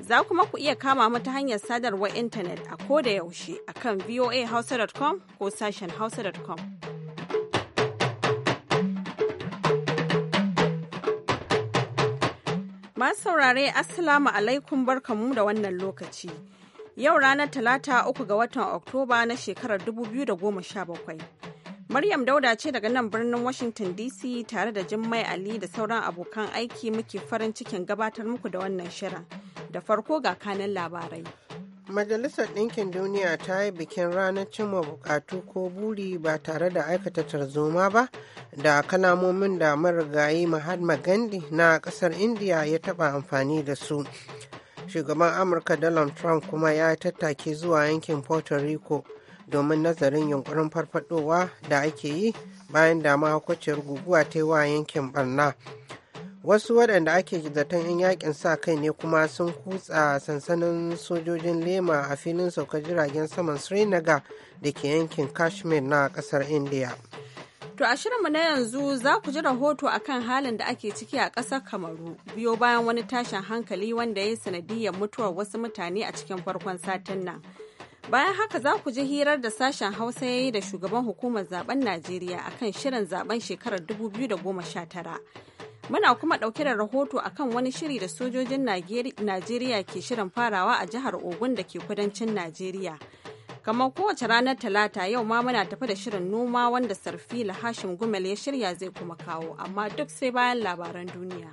Za kuma ku iya kama mu ta hanyar sadarwar intanet a ko da yaushe a kan voahausa.com ko sashen hausa.com. Masu saurare Assalamu alaikum barkamu da wannan lokaci. Yau ranar Talata uku ga watan Oktoba na shekarar 2017. Maryam Dauda ce daga nan birnin Washington DC tare da Jummai Ali da sauran abokan aiki muke farin cikin gabatar muku da wannan shirin. da farko ga kanin labarai. Majalisar Ɗinkin Duniya ta yi bikin ranar cimma bukatu ko buri ba tare da aikata tarzoma ba da kalamomin da marigayi Mahatma Gandhi na ƙasar India ya taɓa amfani da su. Shugaban Amurka Donald Trump kuma ya tattake zuwa yankin Puerto Rico domin nazarin yunkurin farfadowa da ake yi bayan da mahaukaciyar guguwa ta yi wa yankin barna. wasu waɗanda ake zaton 'yan yakin sa kai ne kuma sun kutsa sansanin sojojin lema a filin saukar jiragen saman srinagar da ke yankin kashmir na ƙasar india To a shirinmu na yanzu za ku ji rahoto akan halin da ake ciki a ƙasar Kamaru biyo bayan wani tashin hankali wanda ya yi sanadiyar mutuwar wasu mutane a cikin farkon satin nan. Bayan haka za ku ji hirar da sashen Hausa ya yi da shugaban hukumar zaben Najeriya akan shirin zaben shekarar 2019. Muna kuma ɗauke da rahoto a kan wani shiri da sojojin Najeriya ke shirin farawa a jihar Ogun da ke kudancin Najeriya. Kamar kowace ranar Talata yau ma muna tafi da shirin noma wanda sarfi Hashim Gumel ya shirya zai kuma kawo, amma duk sai bayan labaran duniya.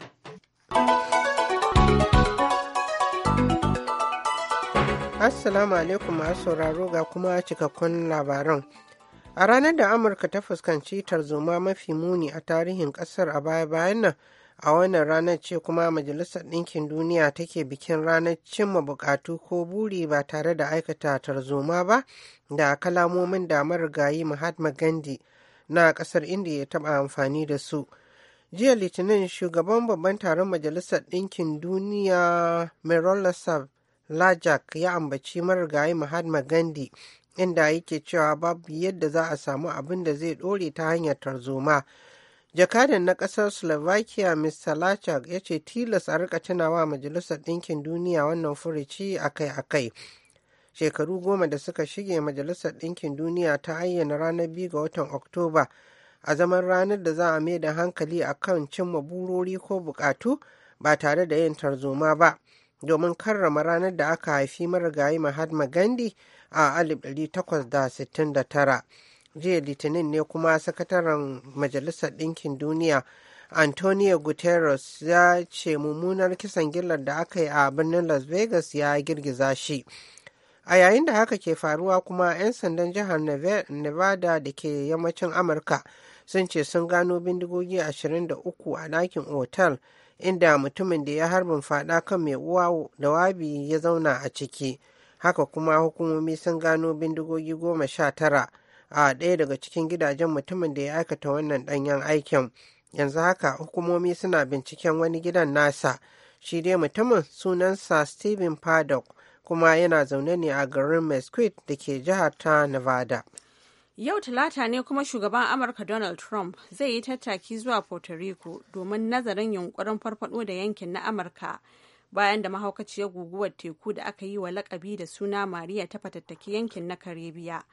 Assalamu alaikum masu sauraro ga kuma cikakkun labaran. A ranar da Amurka ta fuskanci tarzoma mafi muni a tarihin ƙasar a baya-bayan nan, a wannan ranar ce kuma Majalisar Ɗinkin Duniya take bikin ranar cimma buƙatu ko buri ba tare da aikata tarzoma ba da kalamomin da marigayi Mahatma Gandhi na ƙasar Indiya ya taɓa amfani da su. jiya litinin shugaban babban taron majalisar ɗinkin duniya merola sab Lajak ya ambaci marigayi Mahatma Gandhi inda yake cewa babu yadda za a samu abin da zai ɗore ta hanyar tarzoma. Jakadan na ƙasar Slovakia Mr. Lajak ya ce tilas a rika tunawa Majalisar Ɗinkin Duniya wannan furuci akai-akai. Shekaru goma da suka shige Majalisar Ɗinkin Duniya ta ayyana ranar biyu ga watan Oktoba a zaman ranar da za a mai da hankali a kan cimma burori ko buƙatu ba tare da yin tarzoma ba. domin karrama ranar da aka haifi marigayi Mahatma Gandhi a 1869. Jiya Litinin ne kuma sakataren Majalisar Ɗinkin Duniya Antonio Guterres ya ce mummunar kisan gillar da aka yi a birnin Las Vegas ya girgiza shi. A yayin da haka ke faruwa kuma 'yan sandan jihar Nevada da ke yammacin Amurka sun ce sun gano bindigogi 23 a ɗakin otal inda mutumin da ya harbin fada kan mai uwa da wabi ya zauna a ciki haka kuma hukumomi sun gano bindigogi goma sha tara a ɗaya daga cikin gidajen mutumin da ya aikata wannan ɗanyen aikin yanzu haka hukumomi suna binciken wani gidan nasa shi dai mutumin sunansa stephen paddock kuma yana zaune ne a garin mesquite da ke jihar ta nevada Yau Talata ne kuma shugaban Amurka Donald Trump zai yi tattaki zuwa Puerto Rico domin nazarin yunkurin farfado da yankin na Amurka bayan da mahaukaciyar guguwar teku da aka yi wa lakabi da suna Maria ta fatattaki yankin na Karibiya.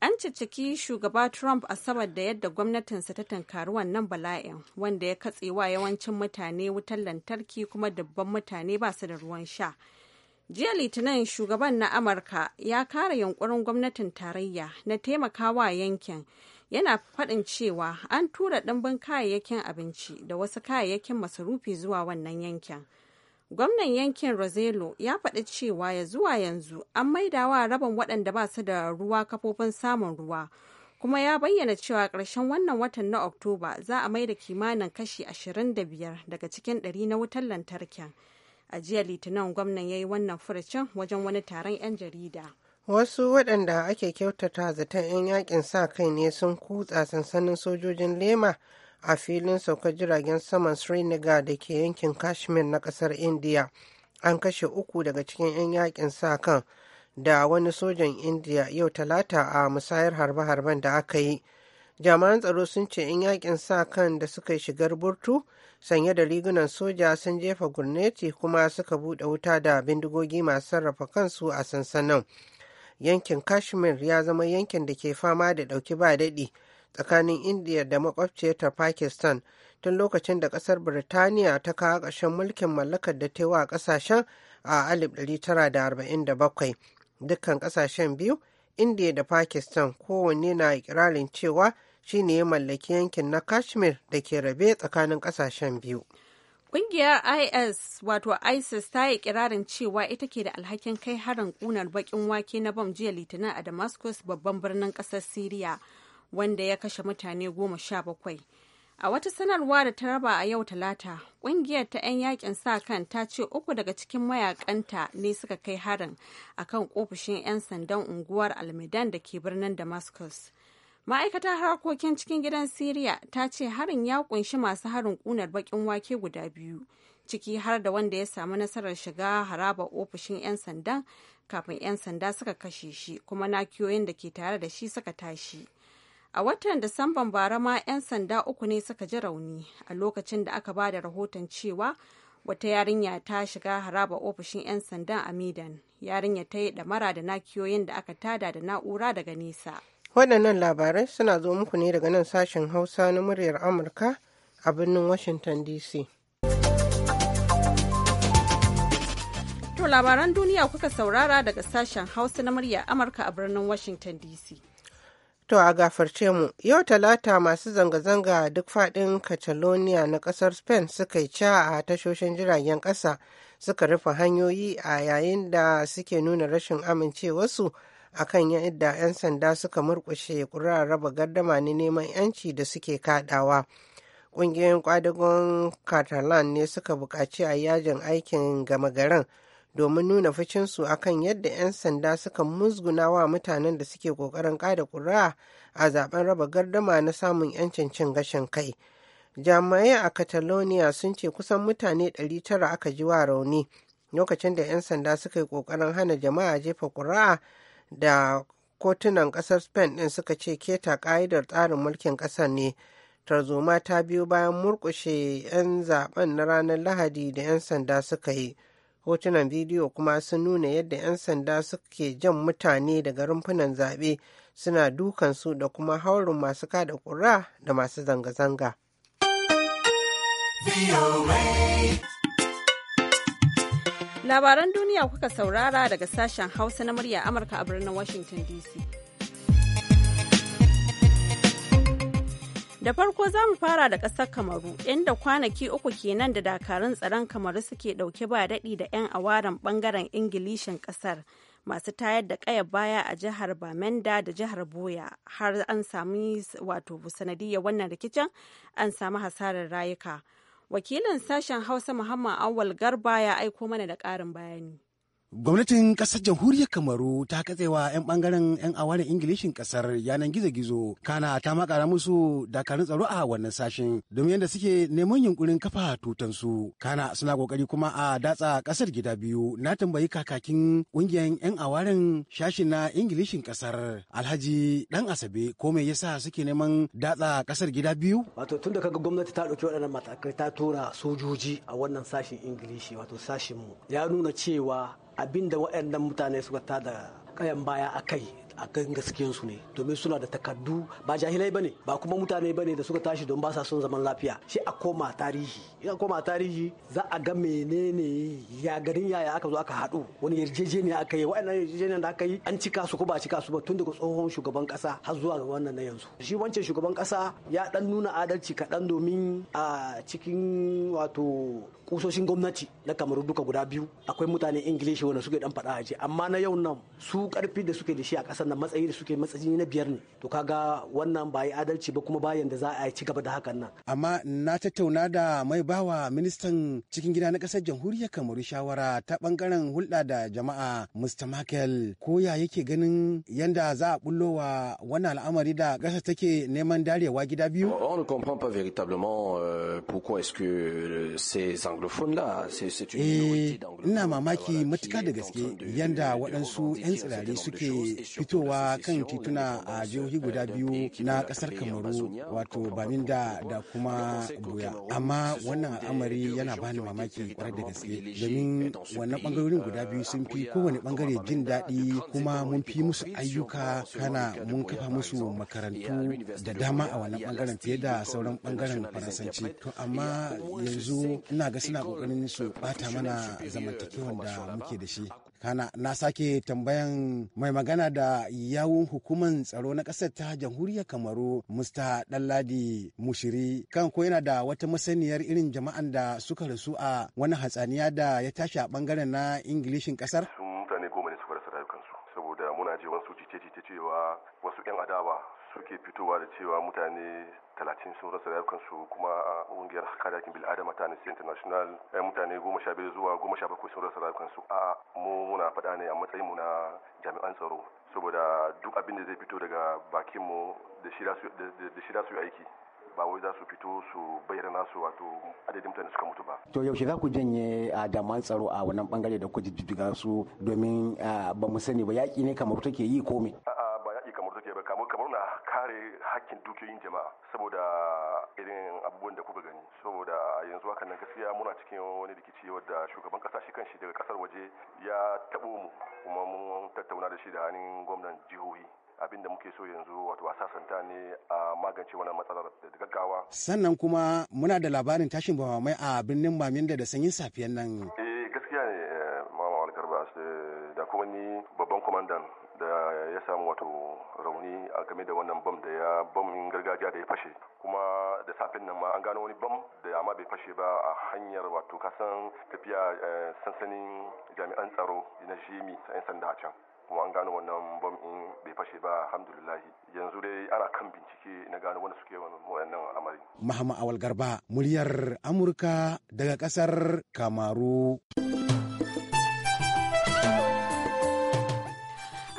An cicciki shugaba Trump asabar da yadda gwamnatinsa ta tankari wannan bala'in wanda ya katse wa yawancin mutane wutar lantarki kuma dubban mutane ba su da ruwan sha. jiya litinin shugaban na amurka ya kara yunkurin gwamnatin tarayya na taimakawa yankin yana faɗin cewa an tura ɗimbin kayayyakin abinci da wasu kayayyakin masarufi zuwa wannan yankin gwamnan yankin rosello ya faɗi cewa ya zuwa yanzu an maidawa rabin waɗanda ba su da ruwa kafofin samun ruwa kuma ya bayyana cewa ƙarshen wannan watan na oktoba za a da kimanin kashi 25 daga cikin 100 na wutar lantarkin a jiya litinin gwamnan ya yi wannan furucin wajen wani taron 'yan jarida wasu waɗanda ake kyautata zaton 'yan yakin sa kai ne sun kutsa sansanin sojojin lema a filin saukar jiragen saman srinagar da ke yankin kashmir na ƙasar india an kashe uku daga cikin 'yan yakin sa kan da wani sojan india yau talata a musayar harbe-harben da aka yi jami'an tsaro sun ce 'yan yakin sa kan da suka yi shigar burtu sanye da rigunan soja sun jefa gurneti kuma suka buɗe wuta da bindigogi masu sarrafa kansu a sansanin yankin kashmir ya zama yankin da ke fama da ɗauki ba daɗi tsakanin india da makwabciyarta pakistan tun lokacin da ƙasar birtaniya ta kawo ƙarshen mulkin mallakar da ta yi wa ƙasashen a 1947 dukkan ƙasashen biyu india da pakistan kowanne na ikirarin cewa shine ya mallaki yankin na kashmir da ke rabe tsakanin kasashen biyu Ƙungiyar IS wato ISIS ta yi kirarin cewa ita ke da alhakin kai harin ƙunar baƙin wake na bam jiya Litinin a Damascus babban birnin kasar syria wanda ya kashe mutane goma sha bakwai. A wata sanarwa da ta raba a yau Talata, ƙungiyar ta 'yan yakin sa kan ta ce uku daga cikin mayakanta ne suka kai harin akan ofishin 'yan sandan unguwar Almidan da ke birnin Damascus. ma'aikatar harkokin cikin gidan siriya ta ce harin ya kunshi masu harin kunar bakin wake guda biyu ciki har da wanda ya samu nasarar shiga haraba ofishin 'yan sandan kafin 'yan sanda suka kashe shi kuma nakiyoyin da ke tare da shi suka tashi a watan disamban bara ma 'yan sanda uku ne suka ji rauni a lokacin da aka ba da rahoton cewa wata yarinya ta shiga haraba ofishin 'yan sandan a midan yarinya ta yi damara da nakiyoyin da aka tada da na'ura daga nesa Waɗannan labarai suna zo muku ne daga nan sashen Hausa na muryar Amurka a birnin Washington DC. To labaran duniya kuka saurara daga sashen Hausa na muryar Amurka a birnin Washington DC. To a gafarce mu, yau talata masu zanga-zanga duk faɗin Catalonia na ƙasar Spain suka yi ca a tashoshin jiragen ƙasa suka rufe hanyoyi a yayin da suke nuna rashin amincewarsu akan yadda 'yan sanda suka murkushe ƙuri'ar raba gardama na neman 'yanci da suke kaɗawa. Ƙungiyoyin kwadagon Catalan ne suka buƙaci a yajin aikin gama garin domin nuna ficinsu akan yadda 'yan sanda suka musguna wa mutanen da suke ƙoƙarin kada ƙuri'a a zaben raba gardama na samun 'yancin cin gashin kai. Jami'ai a Catalonia sun ce kusan mutane 900 aka ji wa rauni lokacin da 'yan sanda suka yi ƙoƙarin hana jama'a jefa ƙuri'a da kotunan ƙasar spain ɗin suka ce keta ƙa'idar tsarin mulkin ƙasar ne tarzoma ta biyo bayan murkushe 'yan zaben na ranar lahadi da 'yan sanda suka yi hotunan bidiyo kuma sun nuna yadda 'yan sanda suke jan mutane daga rumfunan zaɓe suna dukansu da kuma haurin masu kada ƙura da masu zanga-zanga. Labaran duniya kuka saurara daga sashen Hausa na murya Amurka a birnin Washington DC. Da farko za mu fara da ƙasar Kamaru, inda kwanaki uku kenan da dakarun tsaron Kamaru suke ɗauke ba daɗi da 'yan awaran ɓangaren Ingilishin ƙasar masu tayar da ƙayar baya a jihar Bamenda da jihar Boya har an sami wato sanadiyar wannan rikicin an sami hasarar rayuka. wakilin sashen hausa muhammad awal garba ya aiko mana da ƙarin bayani Gwamnatin kasar jamhuriyar Kamaru ta katsewa 'yan bangaren 'yan awarin Ingilishin ƙasar yanan gizo-gizo kana ta makara musu dakarun tsaro a wannan sashen domin yadda suke neman yunkurin kafa tutansu. Kana suna kokari kuma a datsa kasar gida biyu na tambayi kakakin kungiyar 'yan awarin shashin na Ingilishin ƙasar. Alhaji Dan Asabe ko me yasa suke neman datsa kasar gida biyu? Wato tun da kaga gwamnati ta ɗauki waɗannan matakai ta tura sojoji a wannan sashen Ingilishi wato sashen mu ya nuna cewa abinda da waɗannan mutane suka tada kayan baya a kai a kan gaskiyansu ne domin suna da takardu ba jahilai bane ba kuma mutane bane da suka tashi don ba sa son zaman lafiya shi a koma tarihi a koma tarihi za a ga menene ya garin yaya aka zo aka haɗu wani yarjejeniya aka yi wa'annan yarjejeniya da aka yi an cika su ko ba cika su ba tun daga tsohon shugaban kasa har zuwa ga wannan na yanzu shi wancan shugaban kasa ya dan nuna adalci kaɗan domin a cikin wato kusoshin gwamnati na kamaru duka guda biyu akwai mutane ingilishi wanda suke dan faɗa a amma na yau nan su karfi da suke da shi a ƙasar wannan matsayi da suke matsayi na biyar ne to kaga wannan ba yi adalci ba kuma bayan da za a ci gaba da hakan nan amma na tattauna da mai bawa ministan cikin gida na kasar jamhuriyar kamaru shawara ta bangaren hulɗa da jama'a mr michael ko ya yake ganin yanda za a bullo wa wannan al'amari da ƙasar take neman darewa gida biyu on ne comprend pas véritablement euh, pourquoi est-ce que euh, ces anglophones là c'est une minorité eh, d'anglophones ina mamaki matuka da gaske yanda waɗansu 'yan tsirari suke fito fitowa kan tituna a jihohi guda biyu na kasar kamaru wato baminda da kuma buya amma wannan al'amari yana bani mamaki kwarai da gaske domin wannan bangarorin guda biyu sun fi kowane bangare jin daɗi kuma mun fi musu ayyuka kana mun kafa musu makarantu da dama a wannan bangaren fiye da sauran bangaren faransanci to amma yanzu ina ga suna kokarin su bata mana zamantakewan da muke da shi kana na sake tambayan mai magana da yawun hukumar tsaro na ƙasar ta jamhuriyar kamaru musta ɗanladi mushiri kan ko yana da wata masaniyar irin jama'an da suka rasu a wani hatsaniya da ya tashi a ɓangaren na ingilishin ƙasar mutane goma ne suka rasa rayukansu saboda muna je wasu cece cewa wasu 'yan adawa suke fitowa da cewa mutane talatin sun rasa su kuma a ƙungiyar kare yakin bil'adama ta nisi International eh, mutane goma sha biyu zuwa goma sha bakwai sun rasa rayukansu a mu muna faɗa ne a matsayin mu na jami'an tsaro saboda duk abin da zai fito daga bakin mu da shi da su aiki ba wai za su fito su bayyana su wato adadin mutane suka mutu ba. To yaushe za ku janye a damar tsaro a wannan bangare da ku jijjiga su domin ba mu sani ba yaƙi ne kamar take yi ko kare hakkin dukiyoyin jama'a saboda irin abubuwan da kuka gani saboda yanzu haka nan gaskiya muna cikin wani rikici wadda shugaban kasa shi kanshi daga kasar waje ya tabo mu kuma mun tattauna da shi da hannun gwamnan jihohi abin da muke so yanzu wato a sasanta ne a magance wannan matsalar da gaggawa sannan kuma muna da labarin tashin bamamai a birnin maminda da sanyin safiyan nan eh gaskiya ne eh, Eh, da kuma ni babban kwamandan da ya samu wato rauni a game da wannan bam da ya bamin gargajiya da ya fashe kuma da safin nan ma an gano wani bam da amma bai fashe ba a hanyar wato kasan tafiya eh, sansanin jami'an tsaro na jimi yan sanda a can kuma an gano wannan bam in bai fashe ba alhamdulillahi yanzu dai ana kan bincike na gano wanda suke wannan amari. Mahama Awal Garba, muryar Amurka daga kasar Kamaru.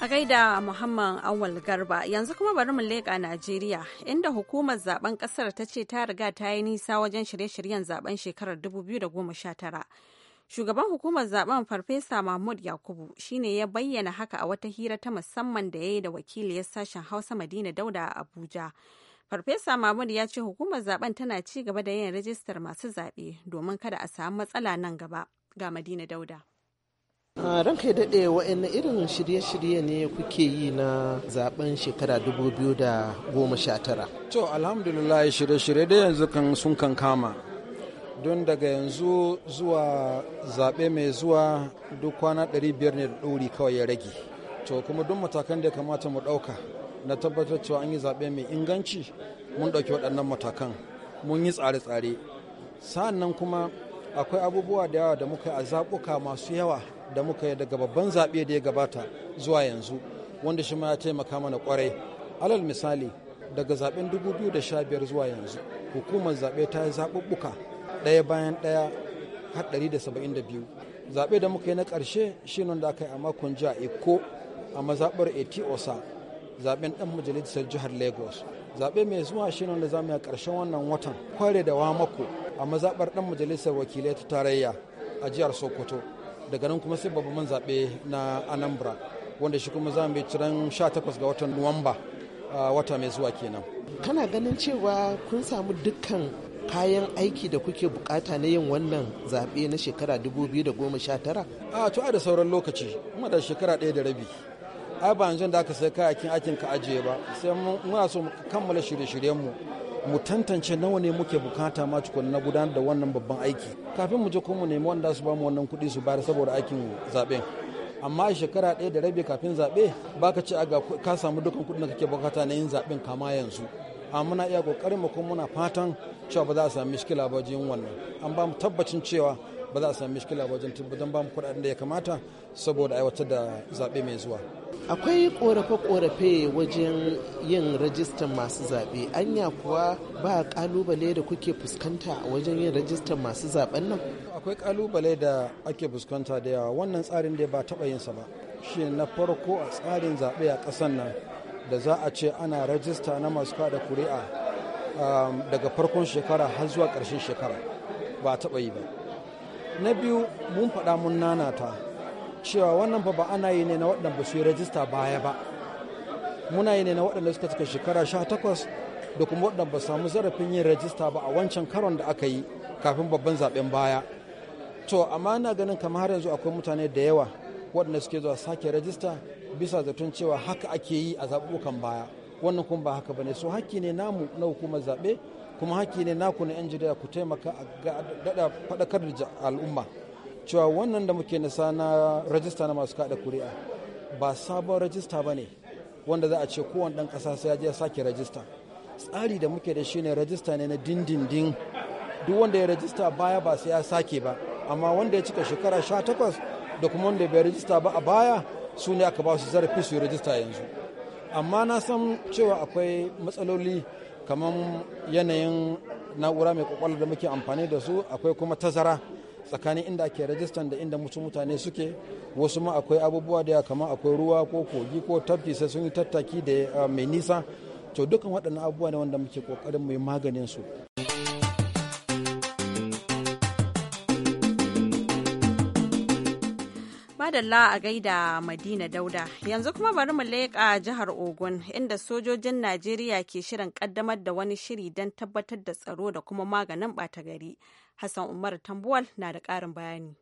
A gaida Muhammad Awal Garba yanzu kuma bari mu leƙa Najeriya inda hukumar zaben ƙasar ta ce ta riga ta yi nisa wajen shirye-shiryen zaben shekarar 2019. Shugaban hukumar zaben Farfesa Mahmud Yakubu shine ya bayyana haka a wata hira ta musamman da ya yi da wakiliyar sashen Hausa Madina Dauda a Abuja. Farfesa Mahmud ya ce hukumar zaben tana ci gaba da yin rajistar masu zaɓe domin kada a samu matsala nan gaba ga Madina Dauda. ranka ya daɗe wa'in irin shirye-shirye ne kuke yi na zaben shekara 2019 to alhamdulillah shirye-shirye da yanzu kan sun kan kama don daga yanzu zuwa zaɓe mai zuwa duk kwana 500 ne da ɗori kawai ya rage to kuma duk matakan da ya kamata mu ɗauka na tabbatar cewa an yi zaɓe mai inganci mun ɗauki waɗannan matakan mun yi tsare-tsare sa'an kuma akwai abubuwa da yawa da muka yi a zaɓuka masu yawa da muka yi daga babban zaɓe da ya gabata zuwa yanzu wanda shi ma ya taimaka mana kwarai alal misali daga zaɓen 2015 zuwa yanzu hukumar zaɓe ta yi zaɓuɓɓuka ɗaya bayan ɗaya har 172 zaɓe da muka yi na ƙarshe shi nan da aka yi a makon jiya eko a mazaɓar etiosa osa zaɓen ɗan majalisar jihar lagos zaɓe mai zuwa shi nan da za mu yi a ƙarshen wannan watan kware da wamako a mazaɓar ɗan majalisar wakilai ta tarayya a jihar sokoto daga nan kuma sai babban zaɓe na anambra wanda shi kuma za mu yi ciran 18 ga watan nuwamba wata mai zuwa kenan kana ganin cewa kun samu dukkan kayan aiki da kuke bukata na yin wannan zaɓe na shekara 2019? a to a da sauran lokaci kuma da shekara ɗaya da rabi ai ba yanzu da aka sai kayakin aikin ka ajiye ba sai muna so mu kammala shirye-shiryenmu mu tantance nawa ne muke bukata ma tukun na gudanar da wannan babban aiki kafin mu je ko mu nemi wanda su bamu wannan kuɗi su bayar saboda aikin zaben amma shekara ɗaya da rabi kafin zaɓe baka ce a ga ka samu dukkan kuɗin da kake bukata na yin zaɓen kama yanzu a muna iya kokarin mu kuma muna fatan cewa ba za a sami mishkila ba jin wannan an ba mu tabbacin cewa ba za a sami mishkila wajen tabbatar ba mu kuɗaɗen da ya kamata saboda aiwatar da zaɓe mai zuwa. Akwai ƙorafe-ƙorafe wajen yin rajistan masu zaɓe. Anya kuwa ba ƙalubale da kuke fuskanta wajen yin rajistan masu zaɓen nan? Akwai ƙalubale da ake fuskanta da yawa wannan tsarin da ba taɓa yinsa ba. Shi na farko a tsarin zaɓe a ƙasar nan da za a ce ana rajista na masu kada kuri'a um, daga farkon shekara har zuwa ƙarshen shekara ba taɓa yi ba. na biyu mun faɗa mun nanata cewa wannan fa ba ana yi ne na waɗanda ba su yi rajista baya ba muna yi ne na waɗanda suka cika shekara sha takwas da kuma waɗanda ba samu zarafin yin rajista ba a wancan karon da aka yi kafin babban zaben baya to amma na ganin kamar har yanzu akwai mutane da yawa waɗanda suke zuwa sake rajista bisa zaton cewa haka ake yi a zaɓuɓɓukan baya wannan kuma ba haka ba ne so hakki ne namu na hukumar zaɓe kuma haƙƙi ne naku na 'yan jarida ku taimaka a daɗa faɗakar da al'umma cewa wannan da muke nisa na rajista na masu kaɗa kuri'a ba sabon rajista ba ne wanda za a ce kowane ɗan ƙasa sai ya je sake rajista tsari da muke da shi ne rajista ne na dindindin duk wanda ya rajista baya ba sai ya sake ba amma wanda ya cika shekara sha takwas da kuma wanda bai rajista ba a baya su ne aka ba su zarafi su yi rajista yanzu amma na san cewa akwai matsaloli kamar yanayin na'ura mai kwakwalwa da muke amfani da su akwai kuma tazara tsakanin inda ake rajistan da inda musu mutane suke wasu ma akwai abubuwa da kamar akwai ruwa ko kogi ko tafki sai sun yi tattaki da ah, mai nisa to dukkan waɗannan abubuwa ne wanda muke ƙoƙarin mai maganin su Madalla a gaida Madina Dauda. Yanzu kuma bari mu leƙa jihar Ogun inda sojojin Najeriya ke shirin ƙaddamar da wani shiri don tabbatar da tsaro da kuma maganin ɓata gari. Hassan Umar Tambuwal na da ƙarin bayani.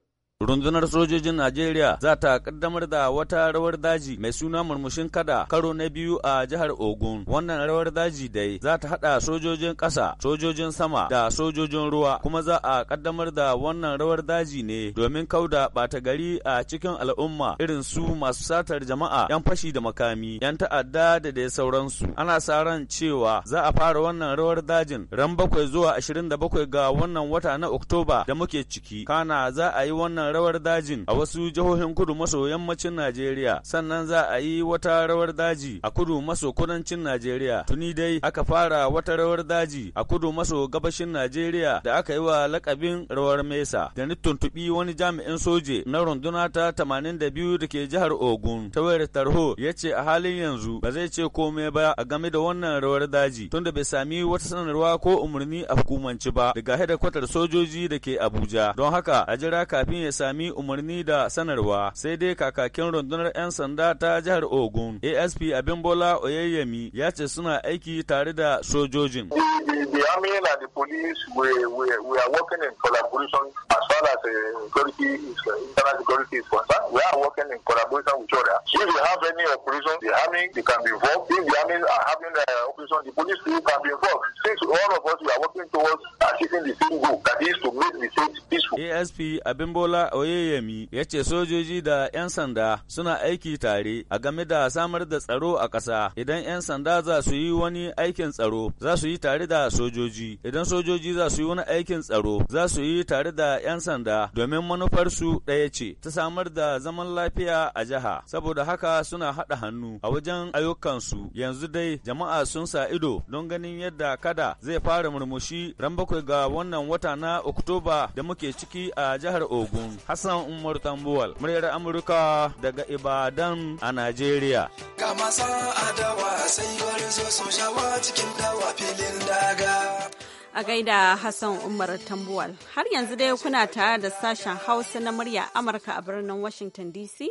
Rundunar sojojin Najeriya za ta kaddamar da wata rawar daji mai suna murmushin kada karo na biyu a jihar Ogun. Wannan rawar daji dai za ta haɗa sojojin ƙasa, sojojin sama da sojojin ruwa kuma za a kaddamar da wannan rawar daji ne domin kauda bata gari a cikin al'umma irin su masu satar jama'a, 'yan fashi da makami, 'yan ta'adda da dai sauransu. Ana sa ran cewa za a fara wannan rawar dajin ran bakwai zuwa ashirin da bakwai ga wannan wata na Oktoba da muke ciki. Kana za a yi wannan rawar dajin a wasu jihohin kudu maso yammacin Najeriya sannan za a yi wata rawar daji a kudu maso kudancin Najeriya tuni dai aka fara wata rawar daji a kudu maso gabashin Najeriya da aka yi wa lakabin rawar mesa da ni tuntubi wani jami'in soje na runduna ta 82 da ke jihar Ogun ta wayar tarho ya ce a halin yanzu ba zai ce komai ba a game da wannan rawar daji tunda bai sami wata sanarwa ko umarni a hukumanci ba daga hedakwatar sojoji da ke Abuja don haka a jira kafin ya sami umarni da sanarwa sai dai kakakin rundunar 'yan sanda ta jihar Ogun ASP abin bola oyayyami ya ce suna aiki tare da sojojin. the the army and the police, we, we, we are working in collaboration as far as uh, security is, uh, internal security is concerned. We are working in collaboration with other. If you have any operation, the army they can be involved. If the army are having an uh, operation, the police too can be involved. Since all of us we are working towards achieving the same goal, that is to make the state peaceful. ASP Abimbola Oyeyemi ya ce sojoji da 'yan sanda suna aiki tare a game da samar da tsaro a ƙasa. Idan 'yan sanda za su yi wani aikin tsaro, za su yi tare da sojoji idan sojoji za su yi wani aikin tsaro za su yi tare da 'yan sanda domin manufar su ɗaya ce ta samar da zaman lafiya a jiha saboda haka suna haɗa hannu a wajen ayyukansu yanzu dai jama'a sun sa ido don ganin yadda kada zai fara murmushi ran bakwai ga wannan wata na oktoba da muke ciki a jihar ogun hassan umar tambuwal muryar amurka daga ibadan a najeriya kama sa adawa sai wani zo shawa cikin dawa filin da a gaida Hassan Umar Tambuwal. Har yanzu dai kuna tare da sashen Hausa na murya Amurka a birnin Washington DC.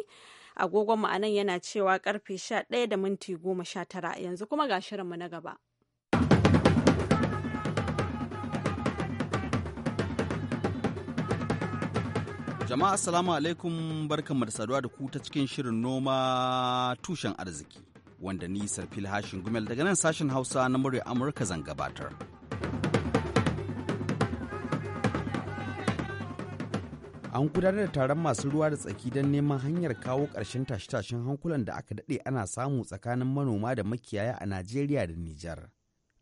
Agogon ma'anan yana cewa karfe 11 da minti 19 yanzu kuma ga shirinmu na gaba. Jama'a assalamu alaikum barkanmu da saduwa da ku ta cikin shirin noma tushen arziki. wanda ni sarfil hashin gumel daga nan sashen hausa na murya amurka zan gabatar an gudanar da taron masu ruwa da tsaki don neman hanyar kawo ƙarshen tashe-tashen hankulan da aka daɗe ana samu tsakanin manoma da makiyaya a najeriya da nijar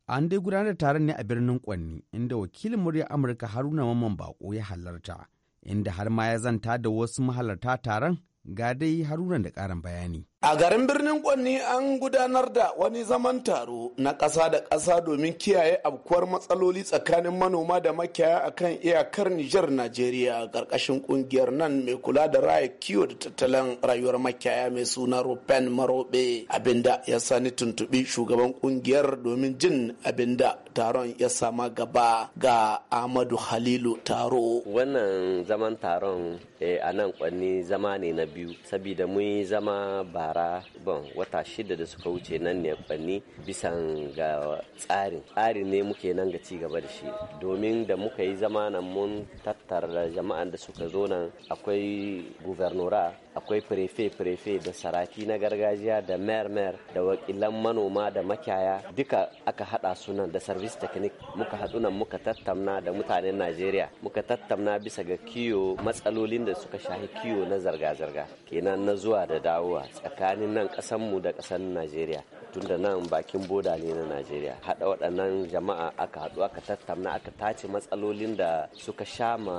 an dai gudanar da taron ne a birnin kwanni inda wakilin murya amurka haruna mamman bako ya halarta inda har ma ya zanta da wasu mahalarta taron ga dai haruna da ƙarin bayani A garin birnin Kwanni an gudanar da wani zaman taro na ƙasa da ƙasa domin kiyaye abkuwar matsaloli tsakanin manoma da makiyaya akan iyakar Nijar Najeriya ƙarƙashin ƙungiyar nan mai kula da raya kiwo da tattalin rayuwar makiyaya mai suna Rupen Marobe abinda ya sani tuntuɓi shugaban ƙungiyar domin jin abinda taron ya sama gaba ga Ahmadu Halilu Taro. Wannan zaman taron eh, a nan Kwanni zama ne na biyu sabida mun zama ba yara ban wata shida da suka wuce nan ne banni bisa ga tsarin tsari ne muke nan ga cigaba da shi domin da muka yi zama nan mun tattara jama'an da suka zo nan akwai guvernora akwai firefe-firefe da saraki na gargajiya da mayar-mayar da wakilan manoma da makiyaya duka aka hada sunan da service technique muka haɗu nan muka tattamna da mutanen najeriya muka tattamna bisa ga kiyo matsalolin da suka shahi kiyo na zarga-zarga kenan na zuwa da dawowa tsakanin nan kasan mu da kasan najeriya tunda nan bakin boda ne na najeriya haɗa waɗannan jama'a aka haɗu aka tattamna aka tace matsalolin da suka sha ma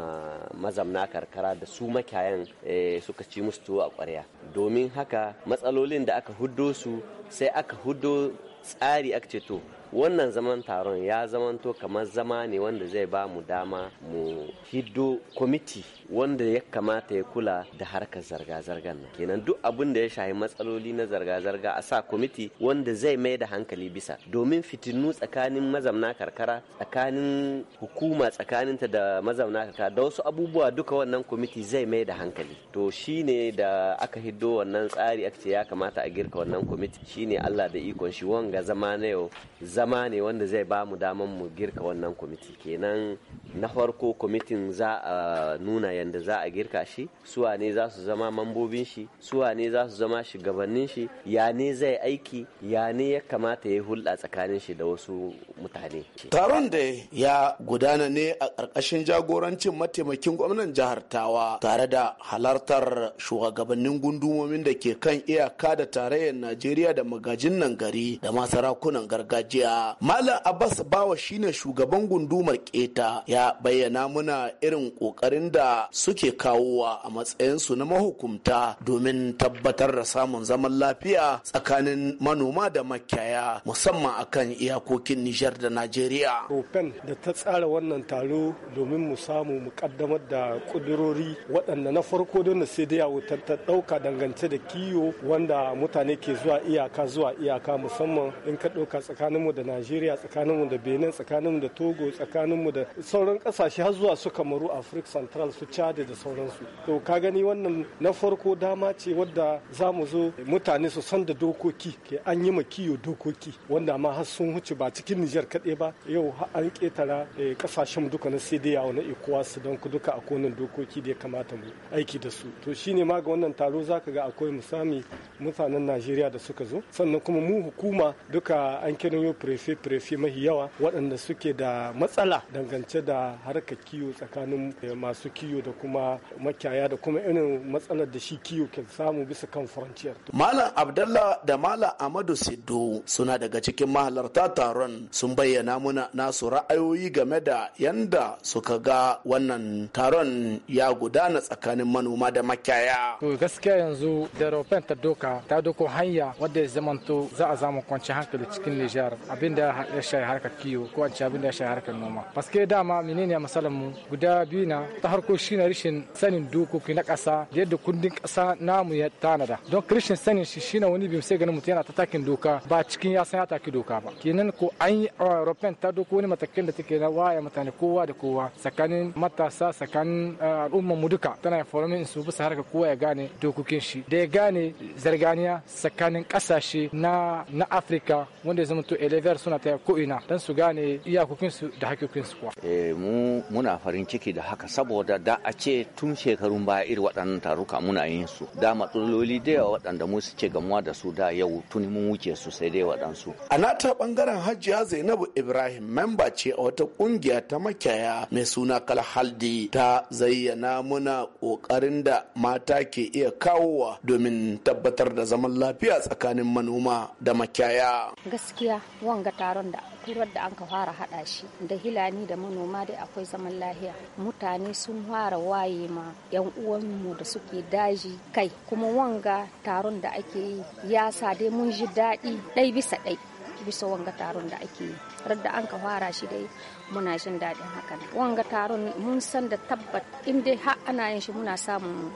mazamna karkara da su makiyayan eh, suka ci musu tuwo a kwarya domin haka matsalolin da aka huddo su sai aka huddo tsari aka ce to wannan zaman taron ya zamanto kamar zama ne wanda zai ba mu dama mu hiddo kwamiti wanda ya kamata ya kula da harkar zarga-zargar nan kenan duk abin da ya shahi matsaloli na zarga-zarga a sa kwamiti wanda zai mai da hankali bisa domin fitinu tsakanin mazamna karkara tsakanin hukuma tsakaninta da mazamna karkara da wasu abubuwa duka wannan kwamiti zai mai da hankali to shine da aka hiddo wannan tsari aka ya kamata a girka wannan kwamiti shine Allah da ikon shi wanga zama na yau zama ne wanda zai ba mu daman mu girka wannan kwamiti kenan na farko kwamitin za a nuna Yanda za a girka shi suwa ne za su zama mambobin shi suwa ne za su zama shugabannin shi ya ne zai aiki ya ne ya kamata ya hulɗa tsakanin shi da wasu mutane taron da ya gudana ne a ƙarƙashin jagorancin mataimakin gwamnan jihar tawa tare da halartar shugabannin gundumomin da ke kan iyaka da tarayyar najeriya da magajin nan gari da ma sarakunan gargajiya malam abbas bawa shine shugaban gundumar keta ya bayyana muna irin ƙoƙarin da suke kawowa a matsayinsu na mahukumta domin tabbatar da samun zaman lafiya tsakanin manoma da makiyaya musamman a kan iyakokin Nijar da Najeriya. Rufen da ta tsara wannan taro domin mu samu mu kaddamar da kudurori waɗanda na farko don sai dai wutar ta ɗauka dangance da kiyo wanda mutane ke zuwa iyaka zuwa iyaka musamman in ka ɗauka tsakaninmu da Najeriya tsakaninmu da Benin tsakaninmu da Togo tsakaninmu da sauran ƙasashe har zuwa su kamaru Afirka Central su chad da sauransu to ka gani wannan na farko dama ce wadda za mu zo mutane su san da dokoki ke an yi kiyo dokoki wanda ma har sun huce ba cikin nijar kaɗai ba yau an ƙetara eh, ƙasashen duka na cda na ecowas don ku duka a konin dokoki da ya kamata mu aiki da su to shine ma ga wannan taro za ka ga akwai musami mutanen najeriya da suka zo sannan kuma mu hukuma duka an kirayo prefe prefe mahi yawa waɗanda suke da matsala dangance da harkar kiyo tsakanin eh, masu kiyo da da kuma makiyaya da kuma irin matsalar da shi kiwo ke samu bisa kan faranciyar. Malam Abdallah da Malam Amadu Sido suna daga cikin mahalarta taron sun bayyana muna nasu ra'ayoyi game da yanda suka ga wannan taron ya gudana tsakanin manoma da makiyaya. To gaskiya yanzu da Rofen ta doka ta doko hanya wadda ya zamanto za a zama kwanci hankali cikin Nijar abinda ya shayi harkar kiwo ko abinda ya shayi harkar noma. Paske dama menene masalan mu guda biyu na ta harko shi shine rashin sanin dokoki na ƙasa yadda kundin ƙasa namu ya tanada don rashin sanin shi shine wani bin sai ganin mutum yana ta takin doka ba cikin ya san ya taki doka ba kenan ko an yi uh, european ta doko wani matakin da take na waya mutane kowa da kowa tsakanin matasa tsakanin uh, al'ummar mu duka tana informin su bisa harka kowa ya gane dokokin shi da ya gane zarganiya tsakanin ƙasashe na na afirka wanda ya zama to elever suna ta ko'ina don su gane iyakokinsu da hakokinsu kuwa. Eh, mu muna farin ciki da haka saboda da a ce tun shekarun baya iri waɗannan taruka muna yin su da matsaloli da yawa waɗanda mu suke gamuwa da su da yau tun mun wuce su sai dai waɗansu. A nata ɓangaren Hajiya Zainabu Ibrahim memba ce a wata ƙungiya ta makiyaya mai suna Kalhaldi ta zayyana muna ƙoƙarin da mata ke iya kawowa domin tabbatar da zaman lafiya tsakanin manoma da makiyaya. Gaskiya wanga taron da hirar da an ka fara haɗa shi da hilani da manoma dai akwai zaman lahiya mutane sun fara waye ma yan uwanmu da suke daji kai kuma wanga taron da ake yi ya sa dai mun ji daɗi ɗai bisa ɗai bisa wanga taron da ake yi radda an ka fara shi dai muna jin daɗin hakan wanga taron mun san da tabbat in dai har ana yin shi muna samun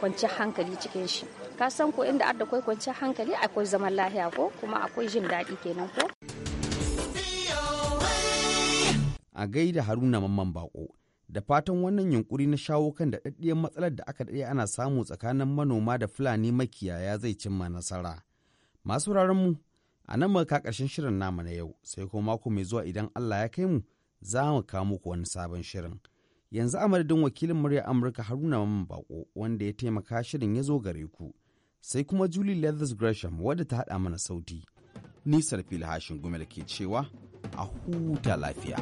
kwanci hankali cikin shi ka san ko inda adda kwai kwanci hankali akwai zaman lahiya ko kuma akwai jin daɗi kenan ko a gaida haruna mamman bako da fatan wannan yunkuri na shawo kan daɗaɗɗiyar matsalar da aka daɗe ana samu tsakanin manoma da fulani makiyaya zai cimma nasara masu mu a nan muka ƙarshen shirin namu na yau sai kuma mako mai zuwa idan allah ya kai mu za mu kawo muku wani sabon shirin yanzu a madadin wakilin murya amurka haruna mamman bako wanda ya taimaka shirin ya zo gare ku sai kuma julie leathers gresham wadda ta haɗa mana sauti nisar hashin gumel ke cewa a huta lafiya.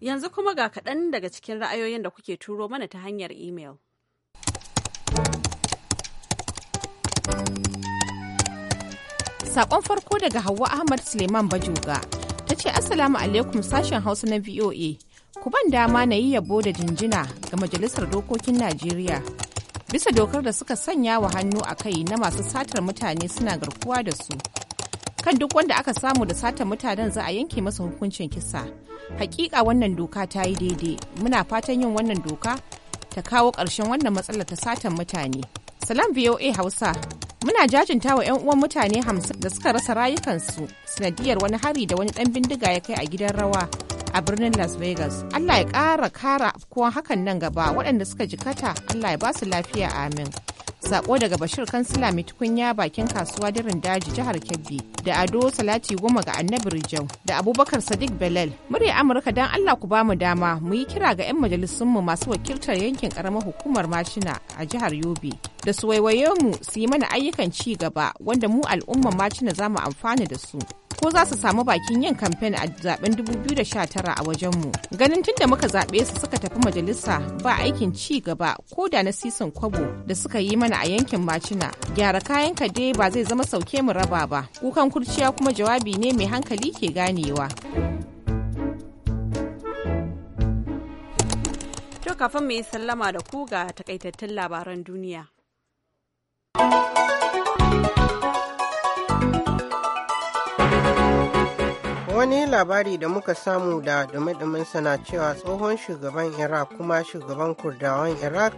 Yanzu kuma ga kaɗan daga cikin ra'ayoyin da kuke turo mana ta hanyar imel. saƙon farko daga Hauwa Ahmad Suleiman Bajoga ta ce Assalamu alaikum sashen Hausa na VOA. ku ban dama na yi yabo da jinjina ga Majalisar Dokokin Najeriya bisa dokar da suka sanya wa hannu a kai na masu satar mutane suna garkuwa da su. Kan duk wanda aka samu da satar mutanen za a yanke masa hukuncin kisa. Hakika wannan doka ta yi daidai. Muna fatan yin wannan doka ta kawo ƙarshen wannan matsalar ta satar mutane. Salam VOA Hausa. Muna jajinta wa 'yan uwan mutane hamsin da suka rasa rayukansu sanadiyar wani hari da wani ɗan bindiga ya kai a gidan rawa a birnin Las Vegas. Allah ya ƙara kara kuwa hakan nan gaba waɗanda suka jikata Allah ya basu lafiya amin. Sako daga Bashir Kansila mai tukunya bakin kasuwa dirin daji jihar Kebbi da Ado Salati goma ga Annabi Rijau da Abubakar Sadiq Belal. Murya Amurka don Allah ku bamu dama mu yi kira ga 'yan majalisunmu masu wakiltar yankin karamar hukumar Mashina a jihar Yobe. Da su waiwaye mu su yi mana ayyukan ci gaba wanda mu al'ummar Mashina za mu amfana da su. ko za su samu bakin yin kamfen a zaben 2019 a wajenmu ganin tunda muka zaɓe su suka tafi majalisa ba aikin ci gaba ko da na sisin kwabo da suka yi mana a yankin macina gyara kayan ka dai ba zai zama sauke mu raba ba kukan kurciya kuma jawabi ne mai hankali ke ganewa kafin mu sallama da ku ga takaitattun labaran duniya. wani labari da muka samu da dumi sana cewa tsohon shugaban iraq kuma shugaban kurdawan iraq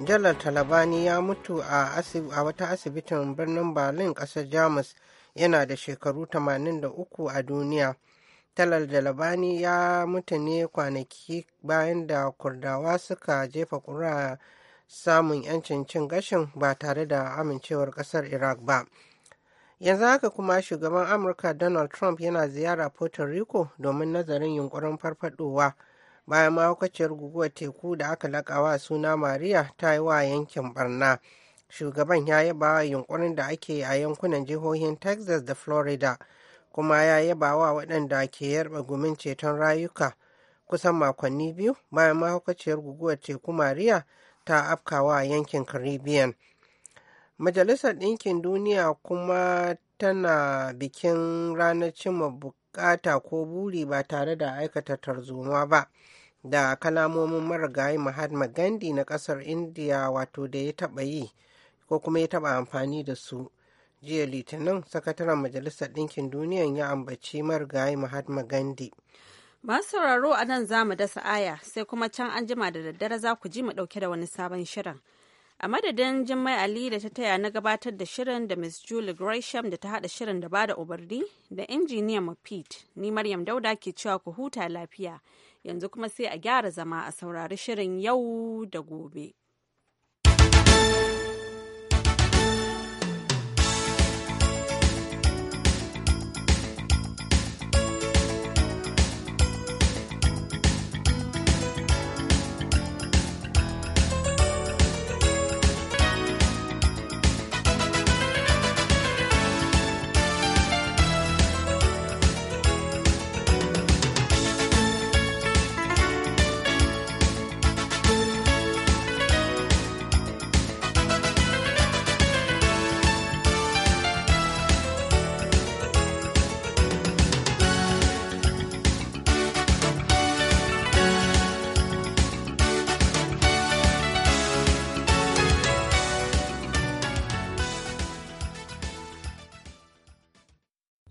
jalar talabani ya mutu a wata asibitin birnin berlin kasar jamus yana da shekaru 83 a duniya talal talabani ya mutu ne kwanaki bayan da kurdawa suka jefa kura samun 'yancin cin gashin ba tare da amincewar kasar iraq ba yanzu haka kuma shugaban amurka donald trump yana ziyara puerto rico domin nazarin yunkurin farfadowa bayan mahaukaciyar guguwar teku da aka lakawa suna maria ta yi wa yankin barna shugaban ya yaba wa yunkurin da ake a yankunan jihohin texas da florida kuma ya yaba wa waɗanda ke yarba gumin ceton rayuka kusan makonni biyu bayan mahaukaciyar guguwar teku maria ta afkawa yankin caribbean Majalisar Ɗinkin Duniya kuma tana bikin ranar cimma bukata ko buri ba tare da aikata tarzoma ba da kalamomin marigayi Mahatma Gandhi na ƙasar indiya wato da ya taɓa yi ko kuma ya taɓa amfani da su. Jiya Litinin, Sakataren Majalisar Ɗinkin Duniya ya ambaci marigayi Mahatma Gandhi. Masu sauraro a nan za mu dasa aya sai kuma can an jima da daddare za ku ji mu ɗauke da wani sabon shirin. a madadin jimmai ali da ta taya na gabatar da shirin da miss julie gresham da ta hada shirin da bada umarni da injiniyan mafit ni maryam dauda ke cewa ku huta lafiya yanzu kuma sai a gyara zama a saurari shirin yau da gobe.